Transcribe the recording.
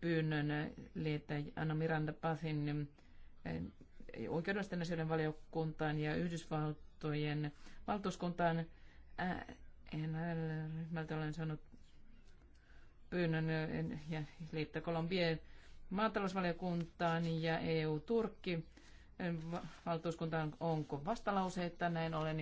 pyynnön liittää Anna Miranda Pathin eh, oikeudellisten asioiden valiokuntaan ja Yhdysvaltojen valtuuskuntaan. Eh, en ryhmältä olen saanut pyynnön eh, ja liitto Kolumbien maatalousvaliokuntaan ja EU-Turkki. Valtuuskuntaan onko vastalauseita? Näin ollen